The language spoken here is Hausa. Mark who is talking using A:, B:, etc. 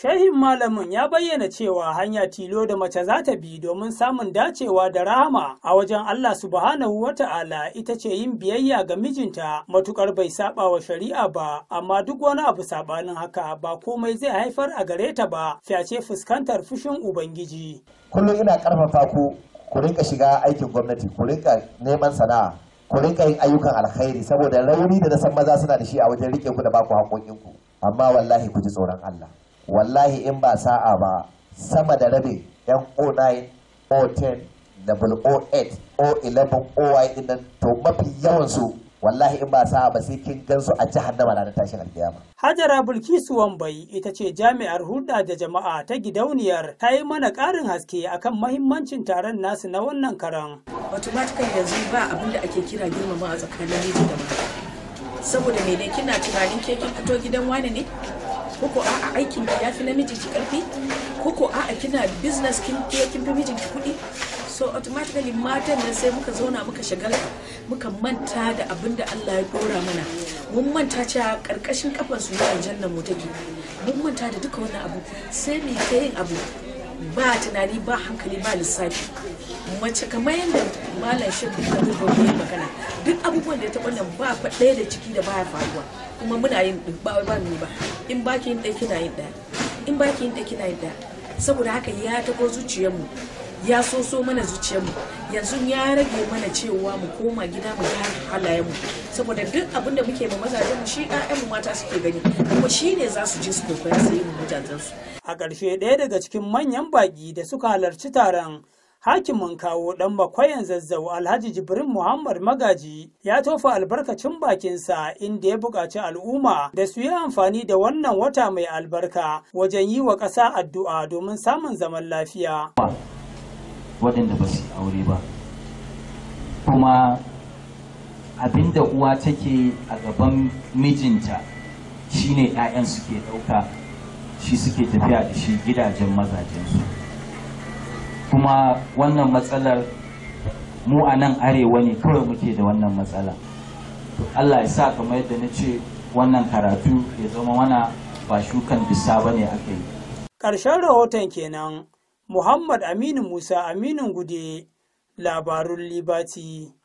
A: Shehin malamin ya bayyana cewa hanya tilo da mace za ta bi domin samun dacewa da rahama a wajen Allah subhanahu wa ta'ala ita ce yin biyayya ga mijinta matukar bai saba wa shari'a ba amma duk wani abu sabanin haka ba komai zai haifar a gare ta ba fyace fuskantar fushin ubangiji.
B: Kullum ina karfafa ku ku rinka shiga aikin gwamnati ku rinka neman sana'a ku rinka yin ayyukan alkhairi saboda rauni da na san maza suna da shi a wajen rike ku da baku ku amma wallahi ku ji tsoron Allah. wallahi in ba sa'a ba sama da rabe yan 09 010 08 011 oy din nan to mafi yawan su wallahi in ba sa'a ba sai kin gansu a jahannama ranar tashin alkiyama
A: Hajara Bilkisu Wambai ita ce jami'ar hulɗa da jama'a ta gidauniyar ta yi mana ƙarin haske akan mahimmancin taron nasu na
C: wannan karan. Automatical yanzu ba abin da ake kira girmama a tsakanin miji da mata. Saboda mene kina tunanin ke kin fito gidan wani ne? ko a aikin ki yafi namiji ki karfi ko a kina business kin ke kin fi mijinki kuɗi so automatically matan nan sai muka zauna muka shagala muka manta da abin da Allah ya dora mana mun manta cewa karkashin kafan su ne aljanna mu take mun manta da duka wannan abu sai mu kai abu ba tunani ba hankali ba lissafi mace kamar yadda malam shekaru da ya magana duk abubuwan da ya taɓa nan ba ɗaya da ciki da baya faruwa kuma muna yin ba ba mu ba in ba ki yin ɗaya kina yin ɗaya in ba ki yin ɗaya kina yin ɗaya saboda haka ya taɓo zuciyarmu ya soso mana zuciyarmu yanzu ya rage mana cewa mu koma gida mu gyara halayenmu saboda duk abin da muke ma mazajen mu shi ƴaƴanmu mata suke gani kuma shi ne za su je su kokari su yi
A: a ƙarshe ɗaya daga cikin manyan baƙi da suka halarci taron hakimin kawo ɗan bakwayan zazzau alhaji jibrin muhammad magaji ya tofa albarkacin bakinsa inda ya buƙaci al'umma da su yi amfani da wannan wata mai albarka wajen yi wa ƙasa addu'a domin samun zaman lafiya.
D: waɗanda ba su aure ba kuma abinda uwa take a gaban mijinta shine 'ya'yan suke ɗauka shi suke tafiya da shi gidajen mazajensu kuma wannan matsalar mu a nan arewa ne kawai muke da wannan matsala Allah ya sa kamar yadda na ce wannan karatu ya zama mana ba shukan bisa ba ne aka yi
A: ƙarshen rahoton kenan Muhammad Aminu Musa Aminu Gude labarun Libati.